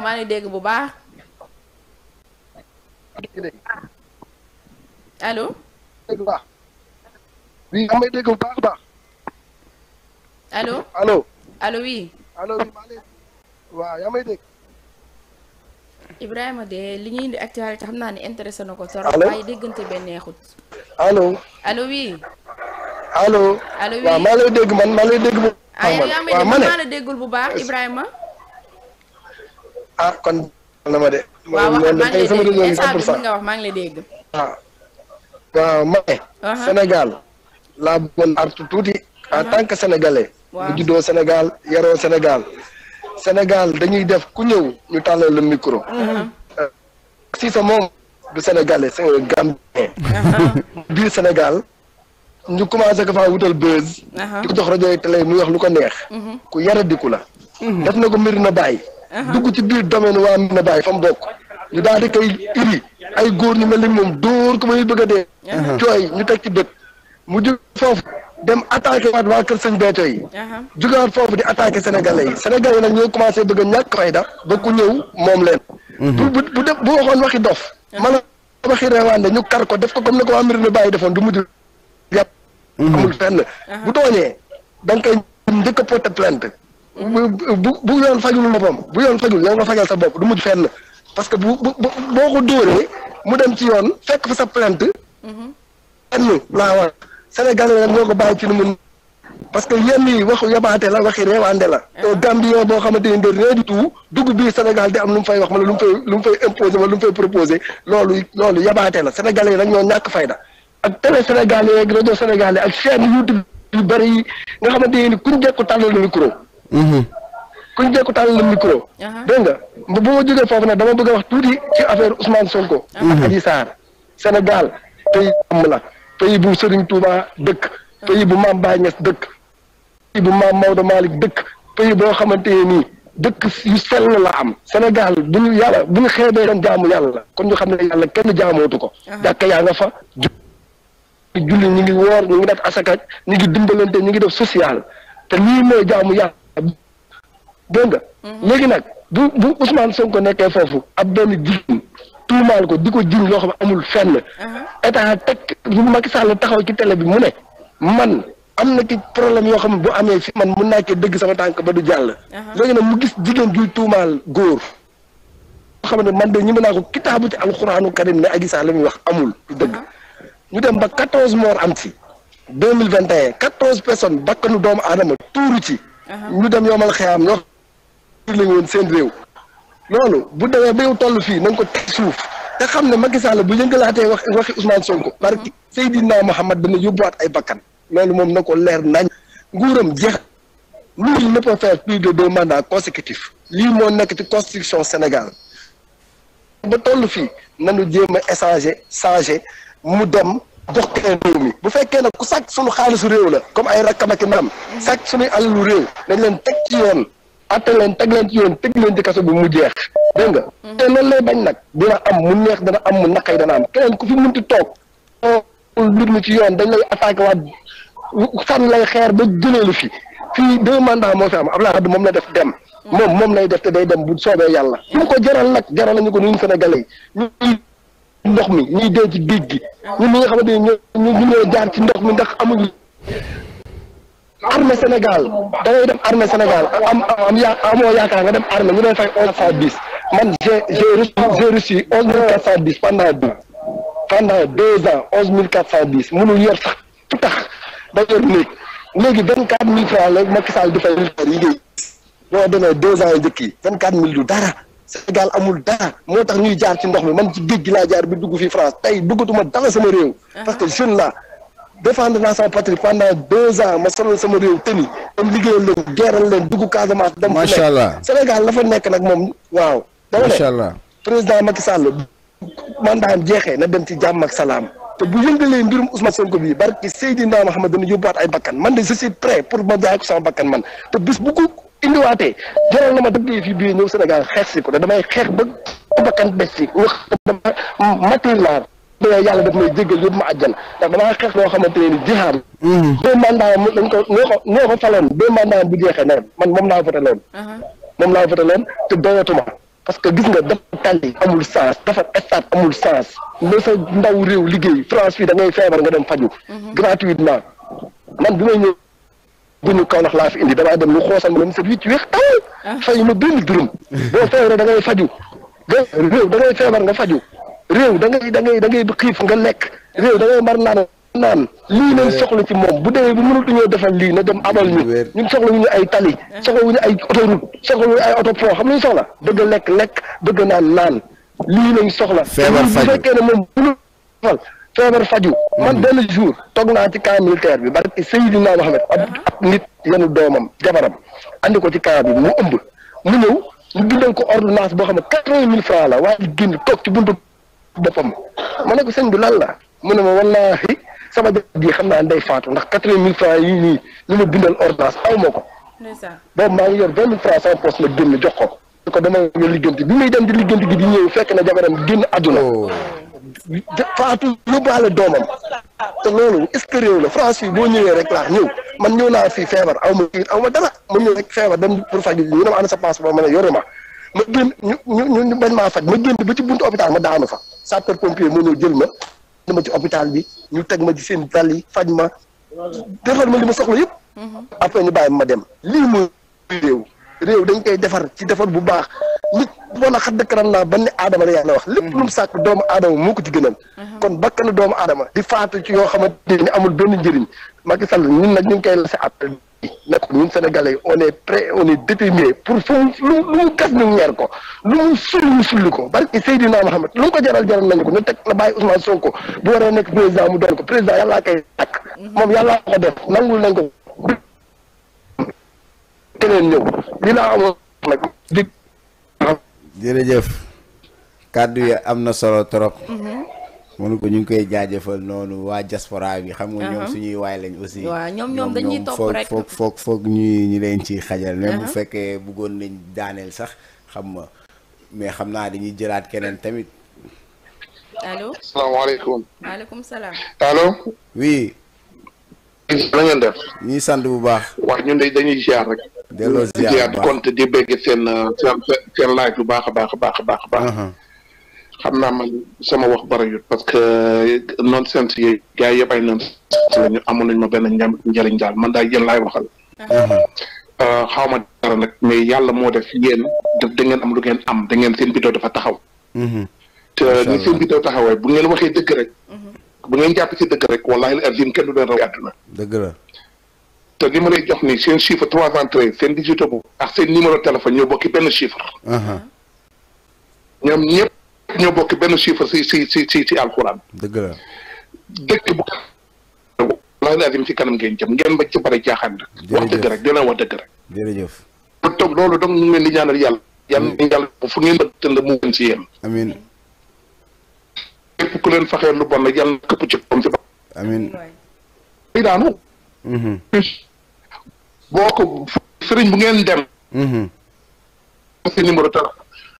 maa ngi dégg bu baax. allo. oui maa ngi dégg bu baax a baax. allo allo. allo oui. allo oui maa ngi waaw yaa may dégg. Ibrahima de li ñuy indi actualité xam naa ne intéressé na ko torop. allo waaye déggante benn neexut. allo allo oui. allo. allo oui waaw maa lay dégg man maa lay dégg bu. ah yaa may dégg maa la déggul bu baax Ibrahima. ah kon ma de. waaw wax maa ngi lay dégg instant ah. bi uh-huh. Sénégal laa bëggoon artu tuuti. en uh-huh. tant que sénégalais. waaw bu juddoo Sénégal yaroo Sénégal. Sénégal dañuy def ku ñëw ñu tàllal le micro. Uh-huh. Euh, si sa moom du sénégalais c'est Gambien. biir Sénégal ñu commencé ko faa wutal buzz. di jox rajo yi muy wax lu ko neex. ku yaradiku la. def na ko mbir na bàyyi. Uh-huh. dugg ci biir domaine waa Medina Baye fa mu bokk ñu daal di koy iri ay góor ñu mel ni moom dóor ko may bëgg dee. jooy uh-huh. ñu teg ci bët mu jóg foofu dem attaqué waat waa Kër Sëñ Béthio yi. Uh-huh. jugaat foofu di attaqué Sénégalais yi Sénégalais nag ñoo commencé bëgg a ñàkk fayda ba ku ñëw moom leen. bu bu bu def bu waxoon waxi dof. a waxi reewaande ñu kar ko def ko comme ni ko waa Medina Baye defoon du mujj yàpp amul fenn bu tooñee da nga koy njëkk a porter bu bu yoon fajul boppam bu yoon fajul yow nga fajal sa bopp du mujj fenn parce que bu bu boo ko dóoree mu dem ci yoon fekk fa sa plainte. Mhm. fenn laa wax Sénégalais nag ñoo ko bàyyi ci lu mu. que yenn yi waxu yabaate la waxi reewaande la. Ah. te boo xamante ni de rien du tout dugg bii Sénégal di am lu mu fay wax wala lu mu fay lu mu fay imposer wala lu mu fay proposer loolu loolu yabaate la sénégalais yi ñoo ñàkk fayda ak télé sénégalais ak rajo sénégalais ak chaîne YouTube yu bëri yi nga xamante ni kuñ jekku tàllal micro. Mm-hmm. kuñ jekku tàll la micro. Uh-huh. dégg nga bu ma jógee foofu nag dama bëgg a wax tuuti ci affaire Ousmane Sonko. Uh-huh. ak Adji Sarr Sénégal pays am la pays bu Serigne Touba dëkk. Uh-huh. pays bu Maam Baye Niass dëkk. pays bu Maam Maodo Malick dëkk. pays boo xamante nii dëkk yu sell la am Sénégal bu ñu yàlla bu ñu xeebee ren jaamu yàlla kon ñu xam ne yàlla kenn jaamootu ko. jàkka yaa nga fa. julli ñu ngi woor ñu ngi def asaka ñu ngi dimbalante ñu ngi def social te lii mooy jaamu yàlla. dégg nga. Mhm. léegi nag bu bu Ousmane Sonko nekkee foofu ab benn jiw tuumaal ko di ko jiw yoo xam ne amul fenn. Mhm. état teg bu Macky Sall taxaw ci télé bi mu ne man am na ki problème yoo xam ne bu amee fi man mun naa cee dëgg sama tànk ba du jàll. Mhm. léegi nag mu gis jigéen juy tuumaal góor. boo xam ne man de ñeme naa ko kitaabu ci alxuraanu karim ne Adji Sarr la muy wax amul dëgg ñu dem ba quatorze morts am ci deux mille vingt et un quatorze personnes bakkanu doomu aadama tuuru ci ñu dem yomal xeyaam lañu woon seen réew loolu bu demee ba yow toll fii na ko teg suuf te xam ne Macky Sall bu yëngalaatee wax waxi Ousmane Sonko parce que Seydina Mohamed dana yóbbuwaat ay bakkan loolu moom na ko leer nañ nguuram jeex nul ne peut faire plus de deux lii moo nekk ci constitution Sénégal ba toll fii nanu jéem a échanger changer mu dem jox keneen réew bu fekkee nag ku sàcc sunu xaalisu réew la comme ay rakkam ak i maam sàcc sunuy alalu réew dañ leen teg ci yoon atte leen teg leen ci yoon teg leen ci kaso bi mu jeex dégg nga mm-hmm. te loolu lay bañ nag dina am mu neex dana am mu naqay dana am keneen ku fi munti toog lu mu ci yoon dañ lay attaqué waat sànni lay xeer ba jëlee lu fi fii deux mandats moo fi am Abdoulaye Wade moom la def dem mm-hmm. moom moom lay def te day dem bu soobee yàlla su mu ko jaral nag jaral lañu ko ñun Sénégalais yi ndox mi ñuy dee ci géej gi mm-hmm. ñun ñi nga xamante ni ñu ñu ñoo jaar ci ndox mi ndax amuñu armée Sénégal da ngay dem armée Sénégal am am ya amoo yaakaar nga dem armée ñu doon fay onze cent dix man j'ai j'ai reçu j'ai reçu onze mille quatre cent dix pendant deux pendant deux ans onze mille quatre cent dix mënul yor sax tout tax da yor néeg léegi vingt quatre mille francs la Macky Sall di fay militaire yi ngay boo demee deux ans yu njëkk yi vingt quatre mille du dara Sénégal amul dara moo tax ñuy jaar ci ndox mi man ci géej gi laa jaar bi dugg fii France tey duggatuma dara sama réew ah. parce que jeune la défendre naa sama patrie pendant deux ans ma solal sama réew tamit dem liggéeyal leen geeral leen dugg Casamance. dem macha allah Sénégal la fa nekk nag moom waaw. macha allah dama ne président Macky Sall mandaam jeexee na dem ci jàmm ak salaam. te bu yëngalee mbirum Ousmane Sonko bii barki Seydina Mohamed dana yóbbuwaat ay bakkan man de je suis prêt pour ma jaay ko sama bakkan man te bis bu ko indiwaatee jaral na ma dëggee fii bii ñëw Sénégal xeex si ko te damay xeex ba bakkan bes si wax dama matir laa demee yàlla daf may jéggal yóbbu ma àjjana ndax damaa xeex loo xamante ne ni jihaad deux mm-hmm. mandats am dañ ko ñoo ko ñoo ko faloon deux mandats am bu jeexee ne man moom laa voté loon uh-huh. moom laa voté loon te doyatuma parce que gis nga dafa tàlli amul sens dafa état amul sens ne sa ndaw réew liggéey France fii da ngay feebar nga dem faju uh-huh. gratuitement man bi may ñëw bu ñu kaw ndax laa fi indi damaa dem lu xoosal ma lam sa huit weex taw uh-huh. fay ma benn dërëm boo feebar nga faju réew da ngay da ngay da ngay xiif nga lekk réew da ngay mbar naan naan lii nañ soxla ci moom bu demee bu mënul ñoo defal lii na dem amal ñu ñun soxla wu ñu ay ah. soxla wu ñu ay autoroute soxla wu ñu ay auto pont xam nañu soxla bëgg a lekk lekk bëgg naan naan lii lañ soxla feebar faju bu fekkee ne moom mënul defal feebar faju man mm. benn jour toog naa ci camp militaire bi barki Seydina Mohamed ah. ab nit yenu doomam jabaram andi ko ci camp bi mu ëmb mu ñëw ñu bindal ko ordonnance boo xam ne quatre-vingt mille francs la waaye génn toog ci buntu boppam ma ne ko sëñ bi lan la mu ne ma wallaahi sama jabar ji xam naa day faatu ndax quatre-vingt mille francs yii nii li ma bindal ordonnance aw ma ko boobu maa ngi yor vingt mille francs sama poche ma génn jox ko su ko dama yor liggéenti bi muy dem di liggéenti gi di ñëw fekk na jabaram génn àdduna oh. faatu yóbbaale doomam te loolu est-ce que réew la France fii boo ñëwee rek laa ñëw man ñëw naa fii feebar aw ma ma dara ma ñëw rek feebar dem pour faj ñu ne ma ana sa passeport yore ma ma génn ñu ñu ñu bañ maa faj ma génn ba ci buntu hôpital ma daanu fa sapeur pompier moo ñëw jël ma dama ci hôpital bi ñu teg ma ci seen dal faj ma defal ma li ma soxla yëpp mm-hmm. après ñu bàyyi ma dem lii mooy réew réew dañ koy defar ci defar bu baax nit wala xadd karam naa ban ne aadama la yàlla wax lépp lu sàkk doomu aadama moo ko ci gënal mm-hmm. kon bakkanu doomu aadama di faatu ci yoo xamante ni amul benn njëriñ Macky Sall ñun nag ñu ngi koy lancé appel ne ko ñun sénégalais yi on est prêt pour fu lu lu mu gas ñu ñeer ko lu mu sulli ñu sulli ko barki Seydina Mohamed lu mu ko jaral jaral nañu ko ñu teg la bàyyi Ousmane Sonko bu waree nekk président mu doon ko président yàllaa koy takk mhm. moom yàllaa ko def nangul nañ ko keneen ñëw li laa amoon kàddu am na solo trop mhm. mënu ko ñu ngi koy jaajëfal noonu waa diaspora bi xam nga ñoom suñuy waay lañ aussi waaw ñoom ñoom dañuy topp rek foog foog ñu ñuy ñi leen ci xajal même bu fekkee bëggoon lañu daaneel sax xam nga mais xam naa dañuy jëlaat keneen tamit allo salaamaaleykum maaleykum salaam allo oui na ngeen def ñuy sant bu baax wax ñun de dañuy ziar rek delloo ziar bu baax compte di bégg seen seen seen laaj bu baax a baax baax a baax xam naa man sama wax barayut parce que euh, non sens yi gars yi yëpp ay non sens la amoon nañ ma benn njam njëriñ daal man daal yéen laay waxal uh-huh. euh, xaw ma dara nag mais yàlla moo def yéen daf da ngeen am lu ngeen am da ngeen seen bidoo dafa taxaw uh-huh. te ni seen bidoo taxawee bu ngeen waxee dëgg rek uh-huh. bu ngeen jàpp ci dëgg rek wallahi al azim kenn du leen raw àdduna dëgg la te li ma lay jox nii seen chiffre trois cent treize seen digito bu ak seen numéro téléphone ñoo bokki benn chiffre ñoom ñëpp ñoo bokk benn chiffre si si si si si alxuraan. dëgg la dëkk bu kanam. wallaahi kanam ngeen jëm ngeen ba ci bare jaaxaan rek. wax dëgg rek dina wax dëgg rek. jërëjëf. loolu toog loolu donc ñu ngi leen di ñaanal yàlla. yàlla nañu yàlla fu ngeen doon tënd mu gën si yéen. amiin. képp ku leen faxee lu bon nag yàlla mm-hmm. ko sëriñ bu ngeen dem. sa mm-hmm.